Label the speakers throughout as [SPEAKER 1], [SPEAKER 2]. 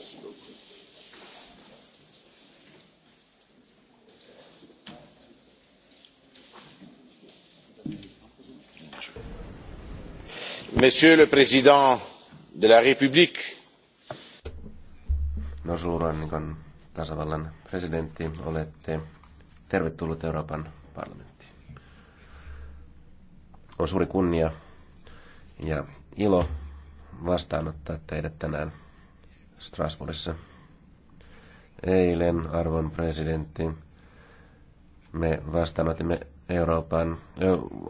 [SPEAKER 1] Merci beaucoup. Monsieur le Président de la République. No suurannikon tasavallan presidentti, olette tervetullut Euroopan parlamenttiin. On suuri kunnia ja ilo vastaanottaa teidät tänään Strasbourgissa. Eilen, arvon presidentti, me vastaanotimme Euroopan,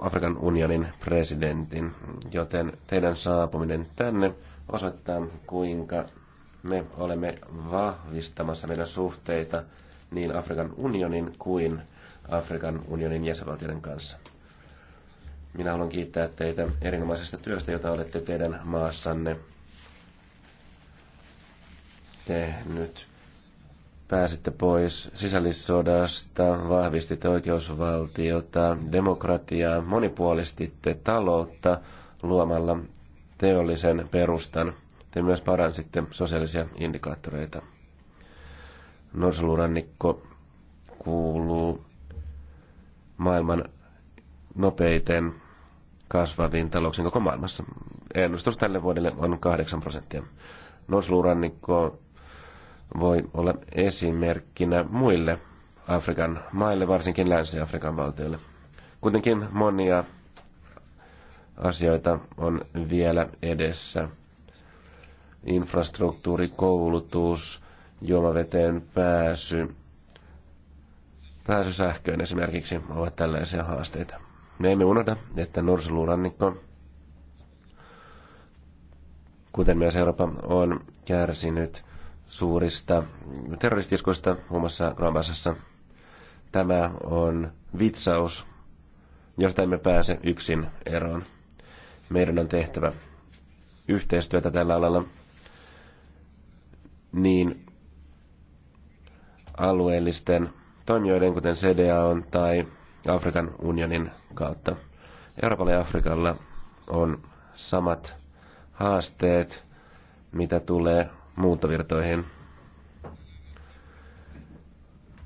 [SPEAKER 1] Afrikan unionin presidentin, joten teidän saapuminen tänne osoittaa, kuinka me olemme vahvistamassa meidän suhteita niin Afrikan unionin kuin Afrikan unionin jäsenvaltioiden kanssa. Minä haluan kiittää teitä erinomaisesta työstä, jota olette teidän maassanne tehnyt. Pääsitte pois sisällissodasta, vahvistitte oikeusvaltiota, demokratiaa, monipuolistitte taloutta luomalla teollisen perustan. Te myös paransitte sosiaalisia indikaattoreita. Norsulurannikko kuuluu maailman nopeiten kasvaviin talouksiin koko maailmassa. Ennustus tälle vuodelle on 8 prosenttia. Norsulurannikko voi olla esimerkkinä muille Afrikan maille, varsinkin Länsi-Afrikan valtioille. Kuitenkin monia asioita on vielä edessä. Infrastruktuuri, koulutus, juomaveteen pääsy, pääsy sähköön esimerkiksi ovat tällaisia haasteita. Me emme unohda, että norsulurannikko, kuten myös Eurooppa, on kärsinyt suurista terroristiskoista muun muassa Grambasassa. Tämä on vitsaus, josta emme pääse yksin eroon. Meidän on tehtävä yhteistyötä tällä alalla niin alueellisten toimijoiden, kuten CDA on, tai Afrikan unionin kautta. Euroopalla ja Afrikalla on samat haasteet, mitä tulee muuttovirtoihin.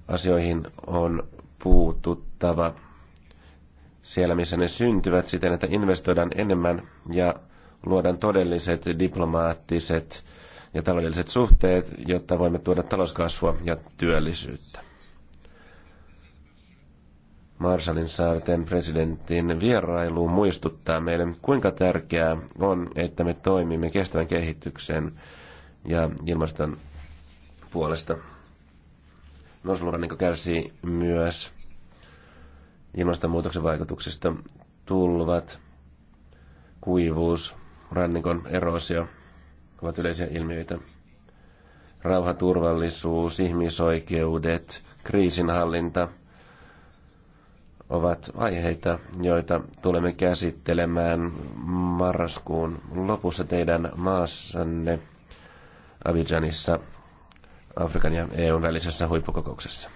[SPEAKER 1] Asioihin on puututtava siellä, missä ne syntyvät siten, että investoidaan enemmän ja luodaan todelliset diplomaattiset ja taloudelliset suhteet, jotta voimme tuoda talouskasvua ja työllisyyttä. Marshallin saarten presidentin vierailu muistuttaa meille, kuinka tärkeää on, että me toimimme kestävän kehityksen ja ilmaston puolesta. Nousurannikko kärsii myös ilmastonmuutoksen vaikutuksista. Tulvat, kuivuus, rannikon erosio ovat yleisiä ilmiöitä. Rauha, turvallisuus, ihmisoikeudet, kriisinhallinta ovat aiheita, joita tulemme käsittelemään marraskuun lopussa teidän maassanne – Abidjanissa Afrikan ja EUn välisessä huippukokouksessa.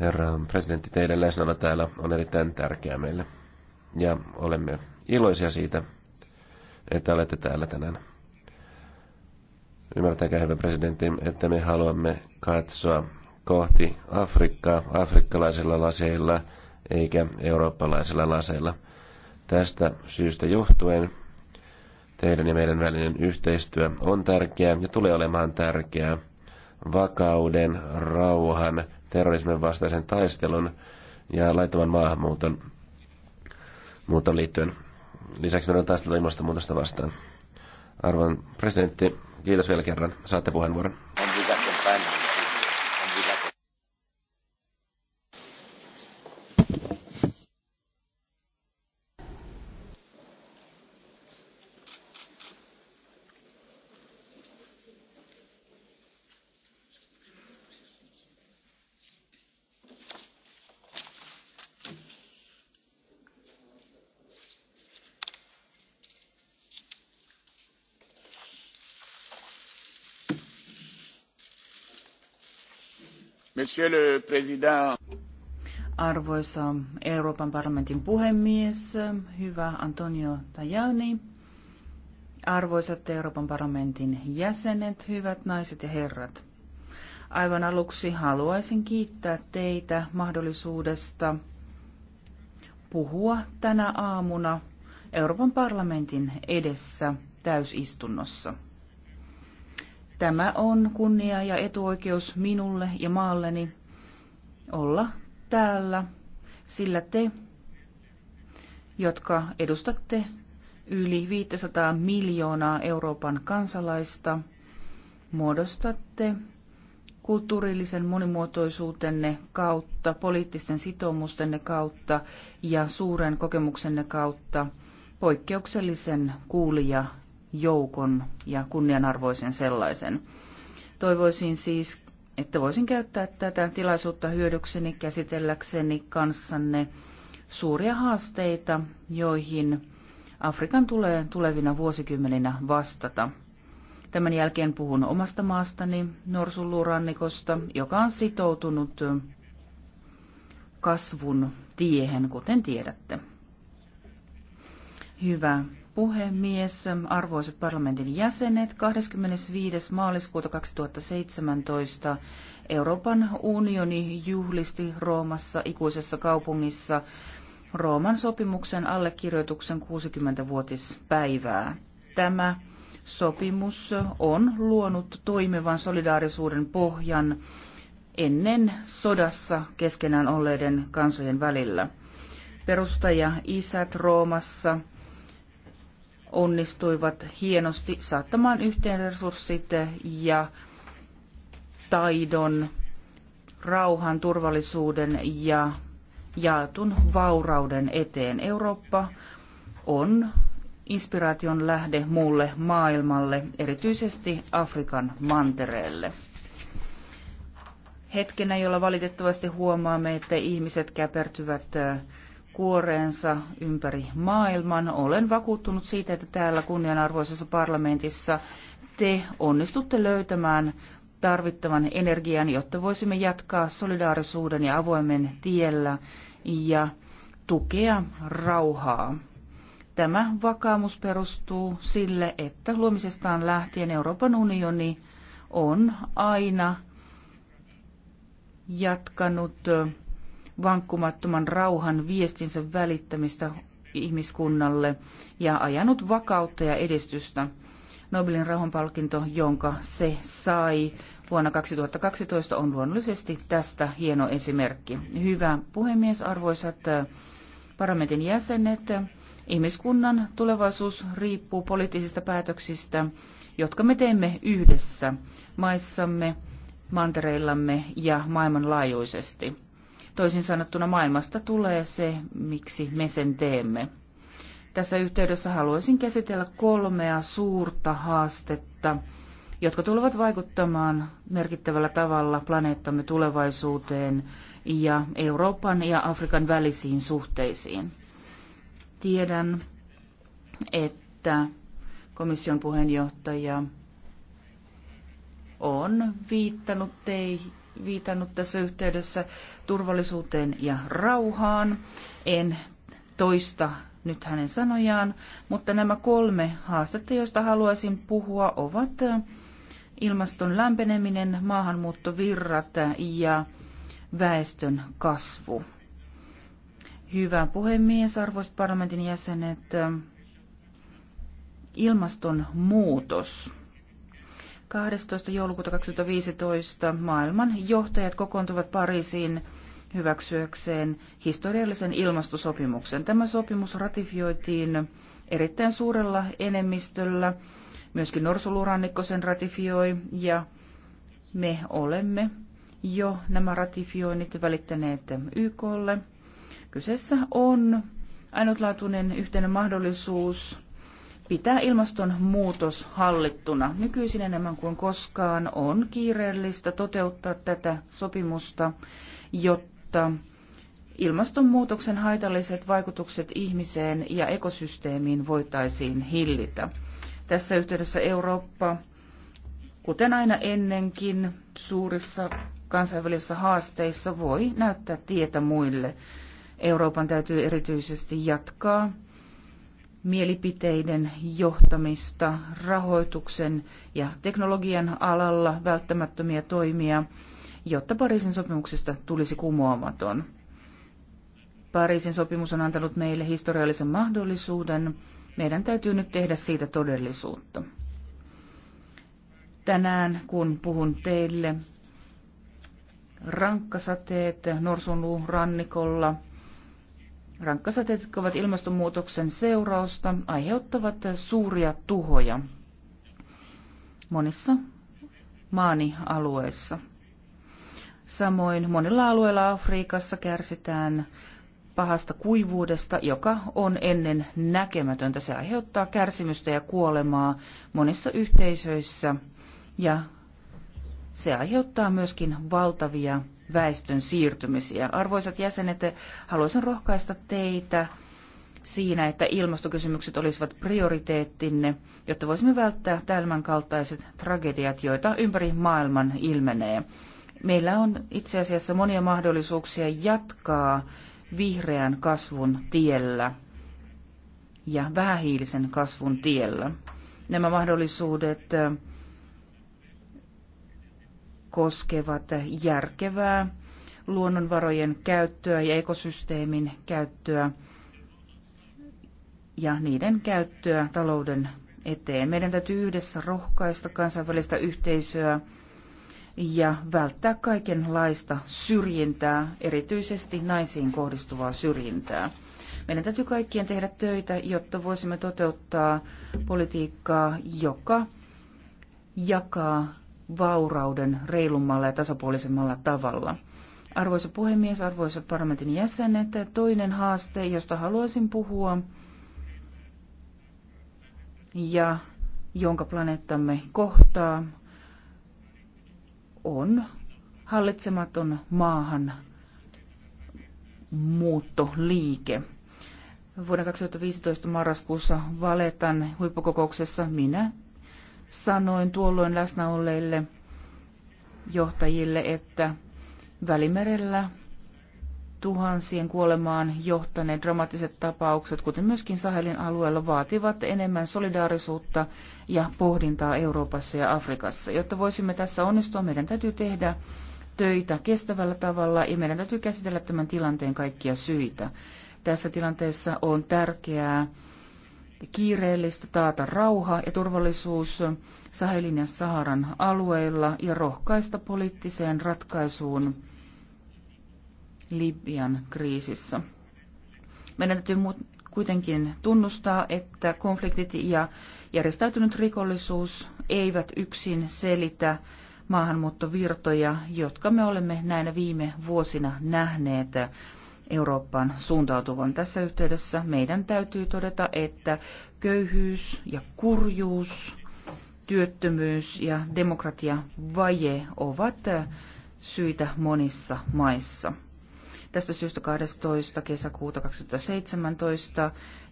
[SPEAKER 1] Herra presidentti, teidän läsnäolo täällä on erittäin tärkeää meille. Ja olemme iloisia siitä, että olette täällä tänään. Ymmärtäkää, hyvä presidentti, että me haluamme katsoa kohti Afrikkaa afrikkalaisilla laseilla eikä eurooppalaisilla laseilla. Tästä syystä johtuen Teidän ja meidän välinen yhteistyö on tärkeää ja tulee olemaan tärkeää vakauden, rauhan, terrorismin vastaisen taistelun ja laittoman maahanmuuton muuton liittyen. Lisäksi meidän on taisteltu ilmastonmuutosta vastaan. Arvon presidentti, kiitos vielä kerran. Saatte puheenvuoron.
[SPEAKER 2] Arvoisa Euroopan parlamentin puhemies, hyvä Antonio Tajani, arvoisat Euroopan parlamentin jäsenet, hyvät naiset ja herrat. Aivan aluksi haluaisin kiittää teitä mahdollisuudesta puhua tänä aamuna Euroopan parlamentin edessä täysistunnossa. Tämä on kunnia ja etuoikeus minulle ja maalleni olla täällä, sillä te, jotka edustatte yli 500 miljoonaa Euroopan kansalaista, muodostatte kulttuurillisen monimuotoisuutenne kautta, poliittisten sitoumustenne kautta ja suuren kokemuksenne kautta poikkeuksellisen kuulija joukon ja kunnianarvoisen sellaisen. Toivoisin siis, että voisin käyttää tätä tilaisuutta hyödykseni käsitelläkseni kanssanne suuria haasteita, joihin Afrikan tulee tulevina vuosikymmeninä vastata. Tämän jälkeen puhun omasta maastani, Norsulluurannikosta, joka on sitoutunut kasvun tiehen, kuten tiedätte. Hyvä puhemies, arvoisat parlamentin jäsenet, 25. maaliskuuta 2017 Euroopan unioni juhlisti Roomassa ikuisessa kaupungissa Rooman sopimuksen allekirjoituksen 60-vuotispäivää. Tämä sopimus on luonut toimivan solidaarisuuden pohjan ennen sodassa keskenään olleiden kansojen välillä. Perustaja isät Roomassa – onnistuivat hienosti saattamaan yhteen resurssit ja taidon, rauhan, turvallisuuden ja jaetun vaurauden eteen. Eurooppa on inspiraation lähde muulle maailmalle, erityisesti Afrikan mantereelle. Hetkenä, jolla valitettavasti huomaamme, että ihmiset käpertyvät kuoreensa ympäri maailman. Olen vakuuttunut siitä, että täällä kunnianarvoisessa parlamentissa te onnistutte löytämään tarvittavan energian, jotta voisimme jatkaa solidaarisuuden ja avoimen tiellä ja tukea rauhaa. Tämä vakaumus perustuu sille, että luomisestaan lähtien Euroopan unioni on aina jatkanut vankkumattoman rauhan viestinsä välittämistä ihmiskunnalle ja ajanut vakautta ja edistystä. Nobelin rauhanpalkinto, jonka se sai vuonna 2012, on luonnollisesti tästä hieno esimerkki. Hyvä puhemies, arvoisat äh, parlamentin jäsenet. Ihmiskunnan tulevaisuus riippuu poliittisista päätöksistä, jotka me teemme yhdessä maissamme, mantereillamme ja maailmanlaajuisesti. Toisin sanottuna maailmasta tulee se, miksi me sen teemme. Tässä yhteydessä haluaisin käsitellä kolmea suurta haastetta, jotka tulevat vaikuttamaan merkittävällä tavalla planeettamme tulevaisuuteen ja Euroopan ja Afrikan välisiin suhteisiin. Tiedän, että komission puheenjohtaja on viittannut, tei, viitannut tässä yhteydessä turvallisuuteen ja rauhaan. En toista nyt hänen sanojaan, mutta nämä kolme haastetta, joista haluaisin puhua, ovat äh, ilmaston lämpeneminen, maahanmuuttovirrat ja väestön kasvu. Hyvä puhemies, arvoisat parlamentin jäsenet. Äh, ilmastonmuutos 12. joulukuuta 2015 maailman johtajat kokoontuvat Pariisiin hyväksyäkseen historiallisen ilmastosopimuksen. Tämä sopimus ratifioitiin erittäin suurella enemmistöllä. Myöskin Norsulurannikko sen ratifioi ja me olemme jo nämä ratifioinnit välittäneet YKlle. Kyseessä on ainutlaatuinen yhteinen mahdollisuus pitää ilmastonmuutos hallittuna. Nykyisin enemmän kuin koskaan on kiireellistä toteuttaa tätä sopimusta, jotta ilmastonmuutoksen haitalliset vaikutukset ihmiseen ja ekosysteemiin voitaisiin hillitä. Tässä yhteydessä Eurooppa, kuten aina ennenkin suurissa kansainvälisissä haasteissa, voi näyttää tietä muille. Euroopan täytyy erityisesti jatkaa mielipiteiden johtamista, rahoituksen ja teknologian alalla välttämättömiä toimia, jotta Pariisin sopimuksesta tulisi kumoamaton. Pariisin sopimus on antanut meille historiallisen mahdollisuuden. Meidän täytyy nyt tehdä siitä todellisuutta. Tänään, kun puhun teille, rankkasateet norsunluun rannikolla – rankkasateet, jotka ovat ilmastonmuutoksen seurausta, aiheuttavat suuria tuhoja monissa maanialueissa. Samoin monilla alueilla Afrikassa kärsitään pahasta kuivuudesta, joka on ennen näkemätöntä. Se aiheuttaa kärsimystä ja kuolemaa monissa yhteisöissä ja se aiheuttaa myöskin valtavia väestön siirtymisiä. Arvoisat jäsenet, haluaisin rohkaista teitä siinä, että ilmastokysymykset olisivat prioriteettinne, jotta voisimme välttää tämän kaltaiset tragediat, joita ympäri maailman ilmenee. Meillä on itse asiassa monia mahdollisuuksia jatkaa vihreän kasvun tiellä ja vähähiilisen kasvun tiellä. Nämä mahdollisuudet koskevat järkevää luonnonvarojen käyttöä ja ekosysteemin käyttöä ja niiden käyttöä talouden eteen. Meidän täytyy yhdessä rohkaista kansainvälistä yhteisöä ja välttää kaikenlaista syrjintää, erityisesti naisiin kohdistuvaa syrjintää. Meidän täytyy kaikkien tehdä töitä, jotta voisimme toteuttaa politiikkaa, joka jakaa vaurauden reilummalla ja tasapuolisemmalla tavalla. Arvoisa puhemies, arvoisat parlamentin jäsenet, toinen haaste, josta haluaisin puhua ja jonka planeettamme kohtaa, on hallitsematon maahan muuttoliike. Vuoden 2015 marraskuussa Valetan huippukokouksessa minä sanoin tuolloin läsnä olleille johtajille, että Välimerellä tuhansien kuolemaan johtaneet dramaattiset tapaukset, kuten myöskin Sahelin alueella, vaativat enemmän solidaarisuutta ja pohdintaa Euroopassa ja Afrikassa. Jotta voisimme tässä onnistua, meidän täytyy tehdä töitä kestävällä tavalla ja meidän täytyy käsitellä tämän tilanteen kaikkia syitä. Tässä tilanteessa on tärkeää kiireellistä taata rauha ja turvallisuus Sahelin ja Saharan alueilla ja rohkaista poliittiseen ratkaisuun Libyan kriisissä. Meidän täytyy kuitenkin tunnustaa, että konfliktit ja järjestäytynyt rikollisuus eivät yksin selitä maahanmuuttovirtoja, jotka me olemme näinä viime vuosina nähneet. Eurooppaan suuntautuvan. Tässä yhteydessä meidän täytyy todeta, että köyhyys ja kurjuus, työttömyys ja demokratiavaje ovat syitä monissa maissa. Tästä syystä 12. kesäkuuta 2017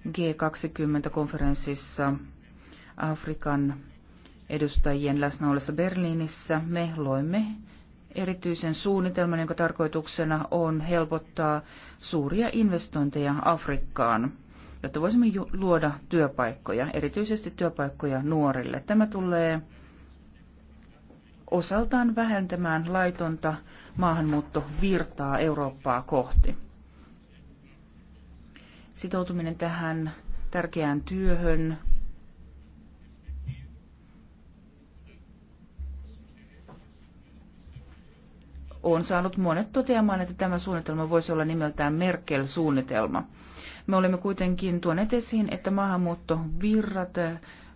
[SPEAKER 2] G20-konferenssissa Afrikan edustajien läsnä ollessa Berliinissä me loimme erityisen suunnitelman, jonka tarkoituksena on helpottaa suuria investointeja Afrikkaan, jotta voisimme luoda työpaikkoja, erityisesti työpaikkoja nuorille. Tämä tulee osaltaan vähentämään laitonta maahanmuuttovirtaa Eurooppaa kohti. Sitoutuminen tähän tärkeään työhön on saanut monet toteamaan, että tämä suunnitelma voisi olla nimeltään Merkel-suunnitelma. Me olemme kuitenkin tuoneet esiin, että maahanmuuttovirrat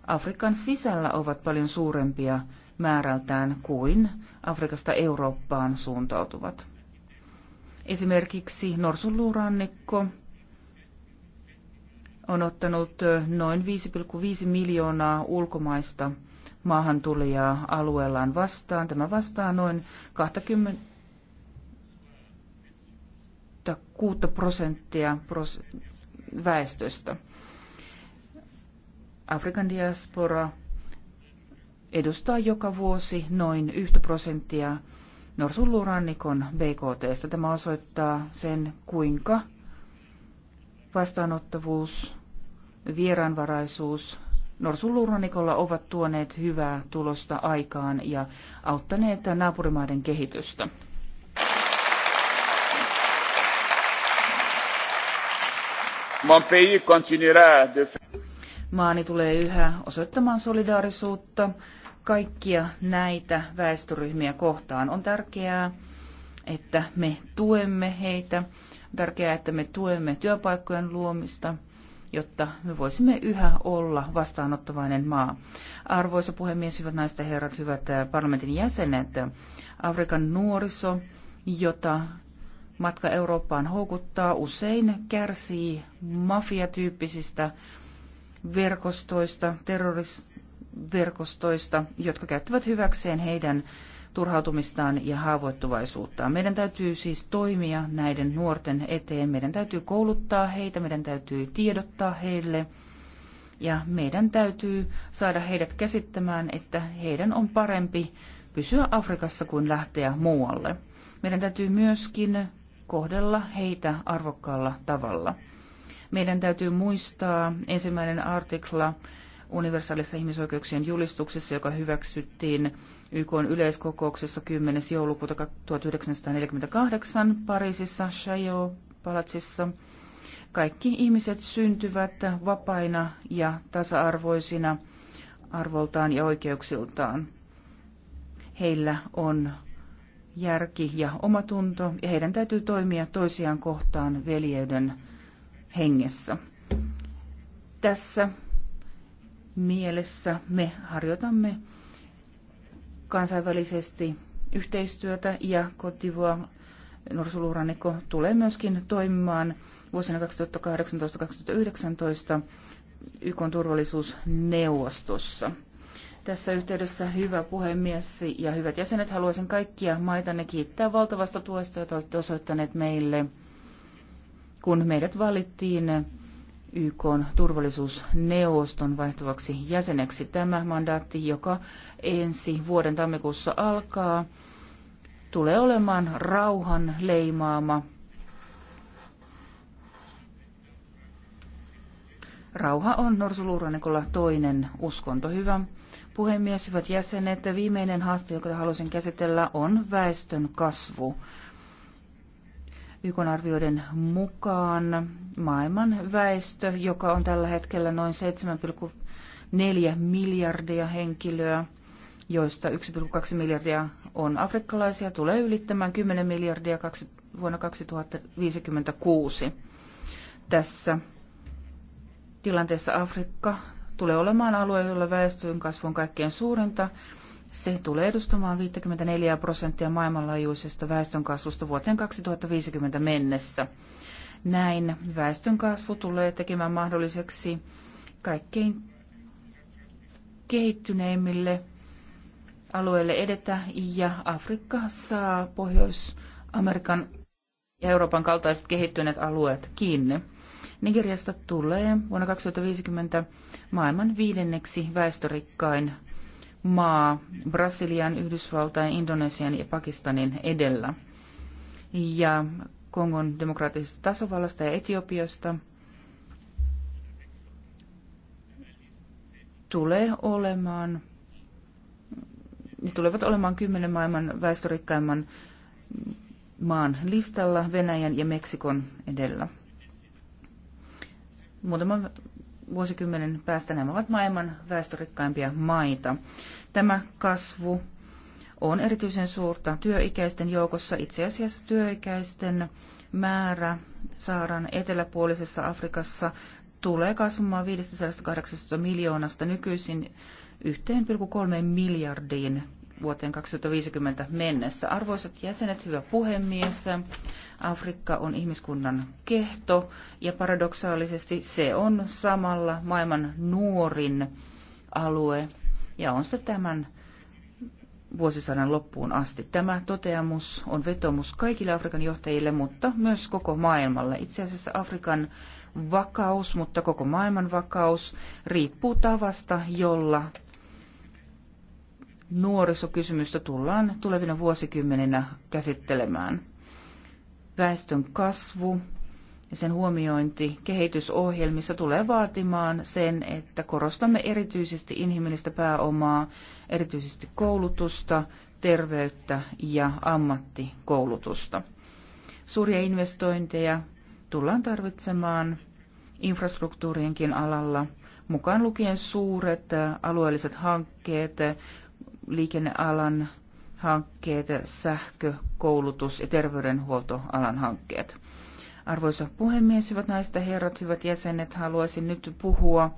[SPEAKER 2] Afrikan sisällä ovat paljon suurempia määrältään kuin Afrikasta Eurooppaan suuntautuvat. Esimerkiksi norsunluurannikko on ottanut noin 5,5 miljoonaa ulkomaista maahantulijaa alueellaan vastaan. Tämä vastaa noin 20 6 prosenttia väestöstä. Afrikan diaspora edustaa joka vuosi noin 1 prosenttia norsunluurannikon BKT. Tämä osoittaa sen, kuinka vastaanottavuus, vieraanvaraisuus norsunluurannikolla ovat tuoneet hyvää tulosta aikaan ja auttaneet naapurimaiden kehitystä. Maani tulee yhä osoittamaan solidaarisuutta kaikkia näitä väestöryhmiä kohtaan. On tärkeää, että me tuemme heitä. On tärkeää, että me tuemme työpaikkojen luomista, jotta me voisimme yhä olla vastaanottavainen maa. Arvoisa puhemies, hyvät naiset ja herrat, hyvät parlamentin jäsenet, Afrikan nuoriso, jota matka Eurooppaan houkuttaa, usein kärsii mafiatyyppisistä verkostoista, terroristiverkostoista, jotka käyttävät hyväkseen heidän turhautumistaan ja haavoittuvaisuuttaan. Meidän täytyy siis toimia näiden nuorten eteen. Meidän täytyy kouluttaa heitä, meidän täytyy tiedottaa heille ja meidän täytyy saada heidät käsittämään, että heidän on parempi pysyä Afrikassa kuin lähteä muualle. Meidän täytyy myöskin kohdella heitä arvokkaalla tavalla. Meidän täytyy muistaa ensimmäinen artikla universaalissa ihmisoikeuksien julistuksessa, joka hyväksyttiin YK yleiskokouksessa 10. joulukuuta 1948 Pariisissa Chaillot-palatsissa. Kaikki ihmiset syntyvät vapaina ja tasa-arvoisina arvoltaan ja oikeuksiltaan. Heillä on järki ja omatunto, ja heidän täytyy toimia toisiaan kohtaan veljeyden hengessä. Tässä mielessä me harjoitamme kansainvälisesti yhteistyötä ja kotivua Norsuluurannikko tulee myöskin toimimaan vuosina 2018-2019 YK turvallisuusneuvostossa tässä yhteydessä hyvä puhemies ja hyvät jäsenet. Haluaisin kaikkia maitanne kiittää valtavasta tuesta, jota olette osoittaneet meille, kun meidät valittiin YK turvallisuusneuvoston vaihtuvaksi jäseneksi. Tämä mandaatti, joka ensi vuoden tammikuussa alkaa, tulee olemaan rauhan leimaama Rauha on norsuluurannikolla toinen uskonto. Hyvä puhemies, hyvät jäsenet. Viimeinen haaste, joka halusin käsitellä, on väestön kasvu. YK arvioiden mukaan maailman väestö, joka on tällä hetkellä noin 7,4 miljardia henkilöä, joista 1,2 miljardia on afrikkalaisia, tulee ylittämään 10 miljardia vuonna 2056. Tässä tilanteessa Afrikka tulee olemaan alue, jolla väestön kasvu on kaikkein suurinta. Se tulee edustamaan 54 prosenttia maailmanlaajuisesta väestönkasvusta vuoteen 2050 mennessä. Näin väestönkasvu tulee tekemään mahdolliseksi kaikkein kehittyneimmille alueille edetä ja Afrikka saa Pohjois-Amerikan ja Euroopan kaltaiset kehittyneet alueet kiinni. Nigeriasta tulee vuonna 2050 maailman viidenneksi väestörikkain maa Brasilian, Yhdysvaltain, Indonesian ja Pakistanin edellä. Ja Kongon demokraattisesta tasavallasta ja Etiopiasta tulee olemaan, ne tulevat olemaan kymmenen maailman väestörikkaimman maan listalla Venäjän ja Meksikon edellä muutaman vuosikymmenen päästä nämä ovat maailman väestörikkaimpia maita. Tämä kasvu on erityisen suurta työikäisten joukossa. Itse asiassa työikäisten määrä saaran eteläpuolisessa Afrikassa tulee kasvamaan 518 miljoonasta nykyisin 1,3 miljardiin vuoteen 2050 mennessä. Arvoisat jäsenet, hyvä puhemies, Afrikka on ihmiskunnan kehto ja paradoksaalisesti se on samalla maailman nuorin alue ja on se tämän vuosisadan loppuun asti. Tämä toteamus on vetomus kaikille Afrikan johtajille, mutta myös koko maailmalle. Itse asiassa Afrikan vakaus, mutta koko maailman vakaus riippuu tavasta, jolla nuorisokysymystä tullaan tulevina vuosikymmeninä käsittelemään. Väestön kasvu ja sen huomiointi kehitysohjelmissa tulee vaatimaan sen, että korostamme erityisesti inhimillistä pääomaa, erityisesti koulutusta, terveyttä ja ammattikoulutusta. Suuria investointeja tullaan tarvitsemaan infrastruktuurienkin alalla, mukaan lukien suuret alueelliset hankkeet, liikennealan hankkeet, sähkö, koulutus ja terveydenhuoltoalan hankkeet. Arvoisa puhemies, hyvät naiset ja herrat, hyvät jäsenet, haluaisin nyt puhua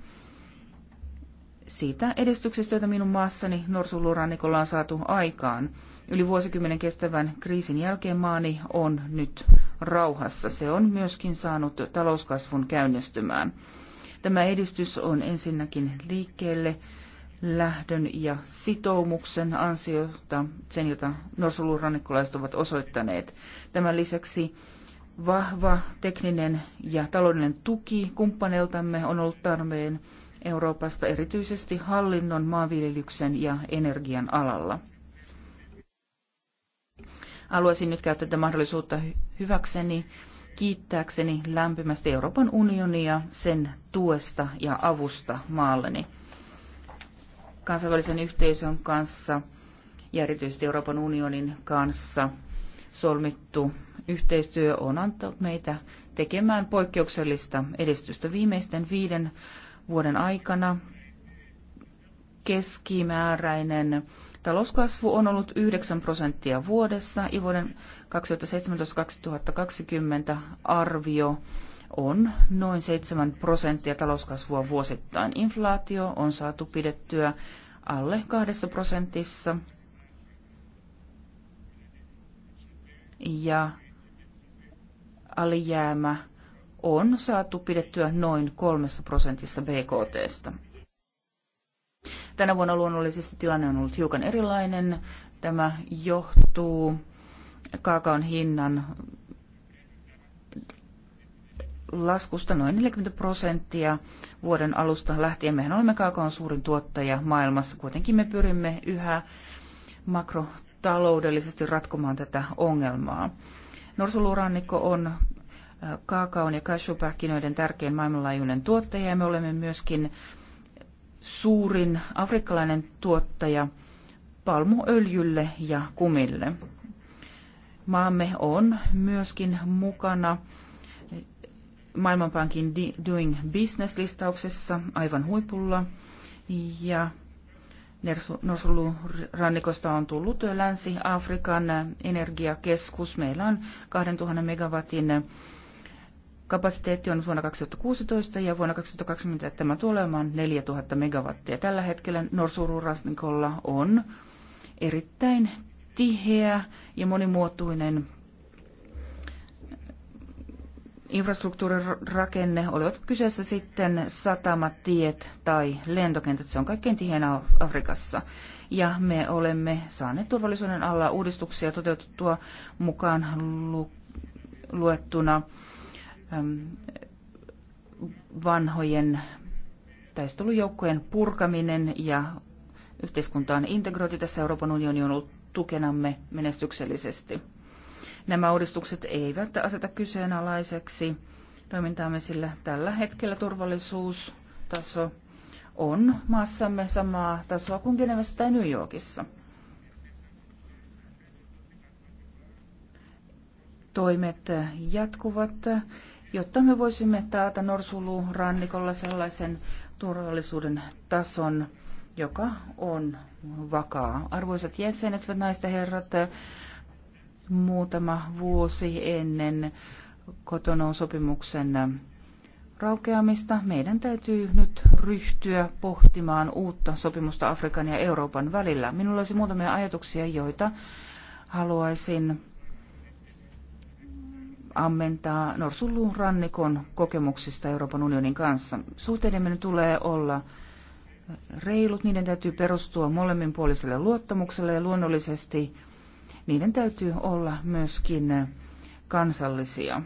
[SPEAKER 2] siitä edistyksestä, jota minun maassani Norsulurannikolla on saatu aikaan. Yli vuosikymmenen kestävän kriisin jälkeen maani on nyt rauhassa. Se on myöskin saanut talouskasvun käynnistymään. Tämä edistys on ensinnäkin liikkeelle lähdön ja sitoumuksen ansiota, sen jota norsulurannikkolaiset ovat osoittaneet. Tämän lisäksi vahva tekninen ja taloudellinen tuki kumppaneiltamme on ollut tarpeen Euroopasta erityisesti hallinnon, maanviljelyksen ja energian alalla. Haluaisin nyt käyttää tätä mahdollisuutta hyväkseni kiittääkseni lämpimästi Euroopan unionia sen tuesta ja avusta maalleni kansainvälisen yhteisön kanssa ja erityisesti Euroopan unionin kanssa solmittu yhteistyö on antanut meitä tekemään poikkeuksellista edistystä viimeisten viiden vuoden aikana. Keskimääräinen talouskasvu on ollut 9 prosenttia vuodessa ja vuoden 2017-2020 arvio on noin 7 prosenttia talouskasvua vuosittain. Inflaatio on saatu pidettyä alle 2 prosentissa. Ja alijäämä on saatu pidettyä noin 3 prosentissa BKTstä. Tänä vuonna luonnollisesti tilanne on ollut hiukan erilainen. Tämä johtuu kaakaon hinnan laskusta noin 40 prosenttia vuoden alusta lähtien. Mehän olemme kaakaon suurin tuottaja maailmassa. Kuitenkin me pyrimme yhä makrotaloudellisesti ratkomaan tätä ongelmaa. Norsulurannikko on äh, kaakaon ja kasvupähkinöiden tärkein maailmanlaajuinen tuottaja ja me olemme myöskin suurin afrikkalainen tuottaja palmuöljylle ja kumille. Maamme on myöskin mukana Maailmanpankin Doing Business-listauksessa aivan huipulla. Ja Norsulu-rannikosta on tullut Länsi-Afrikan energiakeskus. Meillä on 2000 megawatin kapasiteetti on vuonna 2016 ja vuonna 2020 tämä tulee olemaan 4000 megawattia. Tällä hetkellä norsururu-rannikolla on erittäin tiheä ja monimuotoinen rakenne, olivat kyseessä sitten satamat, tiet tai lentokentät, se on kaikkein tiheen Afrikassa. Ja me olemme saaneet turvallisuuden alla uudistuksia toteutettua mukaan lu- luettuna äm, vanhojen taistelujoukkojen purkaminen ja yhteiskuntaan integrointi. Tässä Euroopan unioni on ollut tukenamme menestyksellisesti. Nämä uudistukset eivät aseta kyseenalaiseksi toimintaamme, sillä tällä hetkellä turvallisuustaso on maassamme samaa tasoa kuin Genevessä tai New Yorkissa. Toimet jatkuvat, jotta me voisimme taata norsulu rannikolla sellaisen turvallisuuden tason, joka on vakaa. Arvoisat jäsenet, hyvät naiset ja herrat, muutama vuosi ennen kotonon sopimuksen raukeamista meidän täytyy nyt ryhtyä pohtimaan uutta sopimusta Afrikan ja Euroopan välillä. Minulla olisi muutamia ajatuksia, joita haluaisin ammentaa Norsulluun rannikon kokemuksista Euroopan unionin kanssa. Suhteidemme tulee olla reilut, niiden täytyy perustua molemminpuoliselle luottamukselle ja luonnollisesti niiden täytyy olla myöskin kansallisia.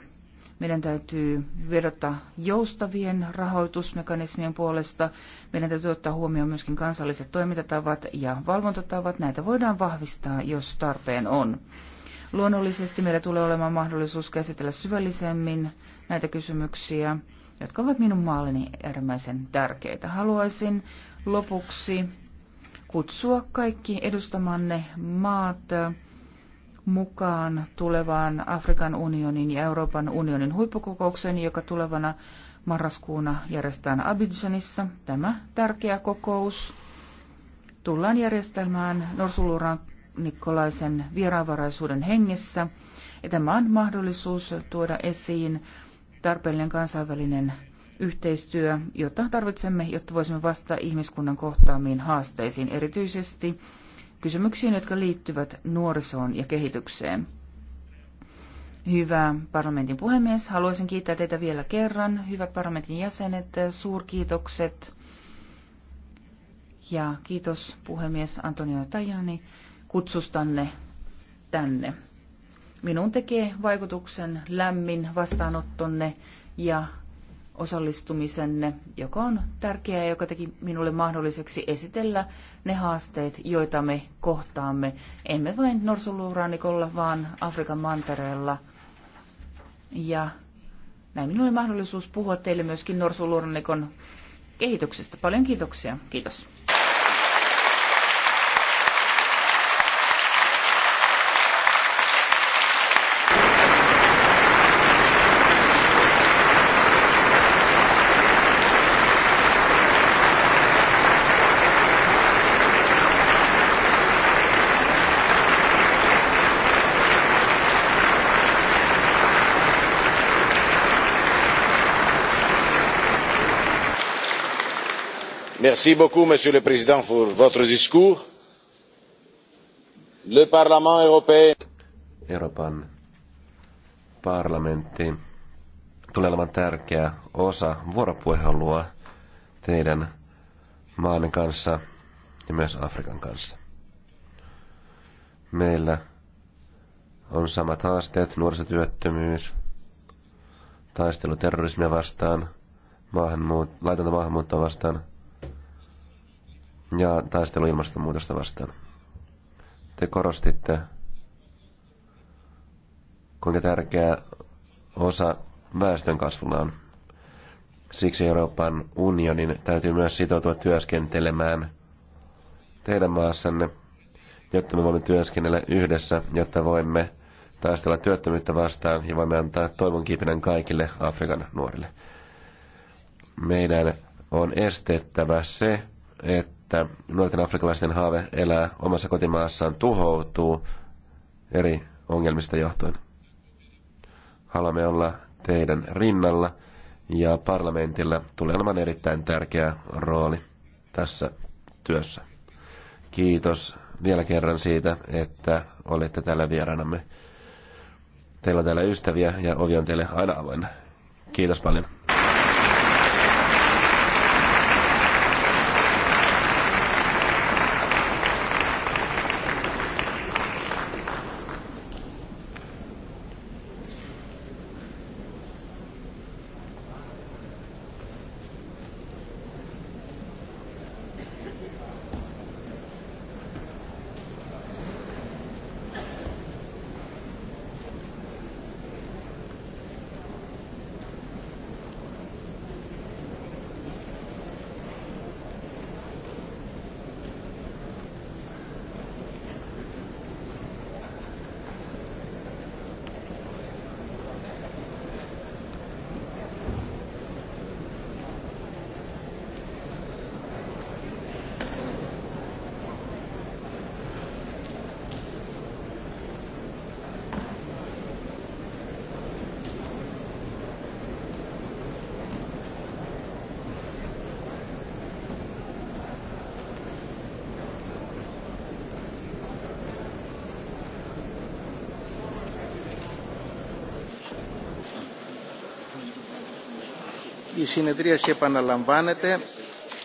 [SPEAKER 2] Meidän täytyy vedota joustavien rahoitusmekanismien puolesta. Meidän täytyy ottaa huomioon myöskin kansalliset toimintatavat ja valvontatavat. Näitä voidaan vahvistaa, jos tarpeen on. Luonnollisesti meillä tulee olemaan mahdollisuus käsitellä syvällisemmin näitä kysymyksiä, jotka ovat minun maalleni äärimmäisen tärkeitä. Haluaisin lopuksi kutsua kaikki edustamanne maat mukaan tulevaan Afrikan unionin ja Euroopan unionin huippukokoukseen, joka tulevana marraskuuna järjestetään Abidjanissa. Tämä tärkeä kokous tullaan järjestelmään Norsuluran Nikkolaisen vieraanvaraisuuden hengessä. Ja tämä on mahdollisuus tuoda esiin tarpeellinen kansainvälinen yhteistyö, jota tarvitsemme, jotta voisimme vastata ihmiskunnan kohtaamiin haasteisiin, erityisesti kysymyksiin, jotka liittyvät nuorisoon ja kehitykseen. Hyvä parlamentin puhemies, haluaisin kiittää teitä vielä kerran. Hyvät parlamentin jäsenet, suurkiitokset. Ja kiitos puhemies Antonio Tajani kutsustanne tänne. Minun tekee vaikutuksen lämmin vastaanottonne ja osallistumisenne, joka on tärkeää ja joka teki minulle mahdolliseksi esitellä ne haasteet, joita me kohtaamme, emme vain norsuluurannikolla, vaan Afrikan mantereella. Ja näin minulla oli mahdollisuus puhua teille myöskin norsuluurannikon kehityksestä. Paljon kiitoksia. Kiitos.
[SPEAKER 1] merci beaucoup monsieur le président pour votre discours. le parlement européen Euroopan parlamentti tulee olemaan tärkeä osa vuoropuhelua teidän maan kanssa ja myös Afrikan kanssa. Meillä on samat haasteet, nuorisotyöttömyys, taistelu terrorismia vastaan, maahanmuut- laitonta maahanmuuttoa vastaan – ja taistelu ilmastonmuutosta vastaan. Te korostitte, kuinka tärkeä osa väestön kasvulla on. Siksi Euroopan unionin täytyy myös sitoutua työskentelemään teidän maassanne, jotta me voimme työskennellä yhdessä, jotta voimme taistella työttömyyttä vastaan ja voimme antaa toivon kipinän kaikille Afrikan nuorille. Meidän on estettävä se, että että nuorten afrikkalaisten haave elää omassa kotimaassaan tuhoutuu eri ongelmista johtuen. Haluamme olla teidän rinnalla ja parlamentilla tulee olemaan erittäin tärkeä rooli tässä työssä. Kiitos vielä kerran siitä, että olette täällä vieraanamme. Teillä on täällä ystäviä ja ovi on teille aina avoinna. Kiitos paljon. Η συνεδρίαση επαναλαμβάνεται.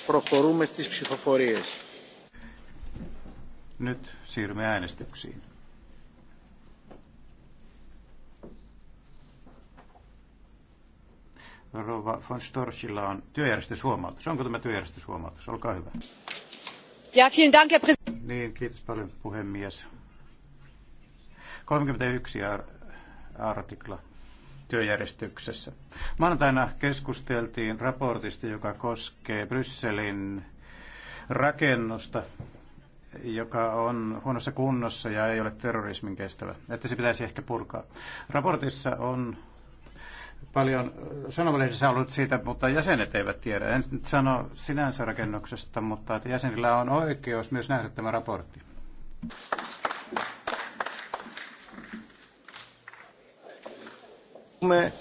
[SPEAKER 1] Προχωρούμε στις ψηφοφορίες. Nyt siirrymme äänestyksiin. Rova von Storchilla on työjärjestyshuomautus. Onko tämä työjärjestyshuomautus? Olkaa hyvä.
[SPEAKER 2] Ja, vielen Dank, Herr Präsident.
[SPEAKER 1] Niin, kiitos paljon puhemies. 31 artikla työjärjestyksessä. Maanantaina keskusteltiin raportista, joka koskee Brysselin rakennusta, joka on huonossa kunnossa ja ei ole terrorismin kestävä, että se pitäisi ehkä purkaa. Raportissa on paljon sanomalehdissä ollut siitä, mutta jäsenet eivät tiedä. En nyt sano sinänsä rakennuksesta, mutta että jäsenillä on oikeus myös nähdä tämä raportti. έχουμε